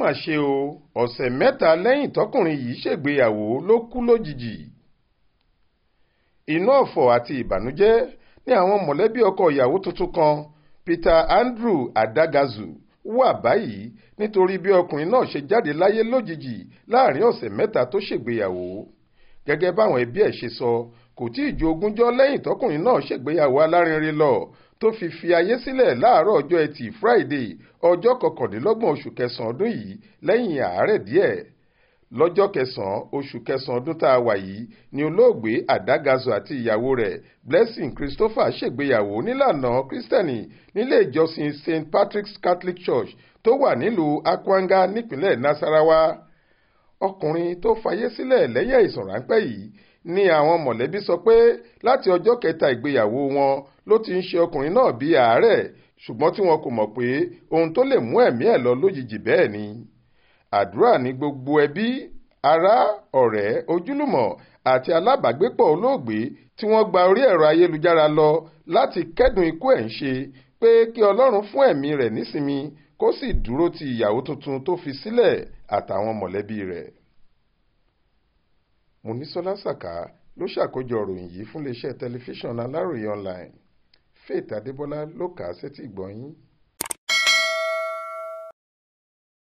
mà ṣe o ọ̀sẹ̀ mẹ́ta lẹ́yìn tọkùnrin yìí ṣègbéyàwó ló kú lójijì inú ọ̀fọ̀ àti ìbànújẹ́ ni àwọn mọ̀lẹ́bí ọkọ ìyàwó tuntun kan Peter Andrew Adagazu wà báyìí nítorí bí ọkùnrin náà ṣe jáde láyé lójijì láàrin ọ̀sẹ̀ mẹ́ta tó ṣègbéyàwó gẹ́gẹ́ báwọn ẹbí ẹ̀ ṣe sọ kò tí ì ju ogúnjọ́ lẹ́yìn tọkùnrin náà ṣègbéyàwó alárinrin lọ tó fi fi ayé sílẹ̀ láàárọ̀ ọjọ́ ẹtì Friday ọjọ́ kọkàndínlọ́gbọ̀n oṣù kẹsàn-án ọdún yìí lẹ́yìn àárẹ̀ díẹ̀ lọ́jọ́ kẹsàn-án oṣù kẹsàn-án ọdún tá a wà yìí ni olóògbé Adagazu àti ìyàwó rẹ̀ Blessing Christopher ṣègbéyàwó nílànà Kristẹni nílé ìjọsìn St Patrick's Catholic Church tó wà nílùú Akwanga nípínlẹ̀ Nasarawa ọkùnrin tó fayé sílẹ̀ lẹ́yìn àìsàn ráńpẹ́ yìí ni àwọn mọ̀lẹ́bí sọ pé láti ọjọ́ kẹta ìgbéyàwó wọn ló ti ń ṣe ọkùnrin náà bí àárẹ̀ ṣùgbọ́n tí wọn kò mọ̀ pé ohun tó lè mú ẹ̀mí ẹ̀ lọ lójijì bẹ́ẹ̀ ni àdúrà ní gbogbo ẹbí ará ọ̀rẹ́ ojúlùmọ̀ àti alábàágbépọ̀ olóògbé tí wọ́n gba orí ẹ̀rọ ayélujára lọ láti kẹ́dùn ikú ẹ̀ ń ṣe pé kí ọlọ́run fún ẹ̀mí rẹ̀ nísinmi kó sì dúró ti ìyàwó tuntun tó fi sílẹ̀ àtàwọn mọ̀lẹ́bí rẹ̀. Munisola saka ló ṣàkójọ ìròyìn yìí fún iléeṣẹ́ tẹlifíṣàn aláròye online faith adébọlá ló kà á sétíìgbọ́ yín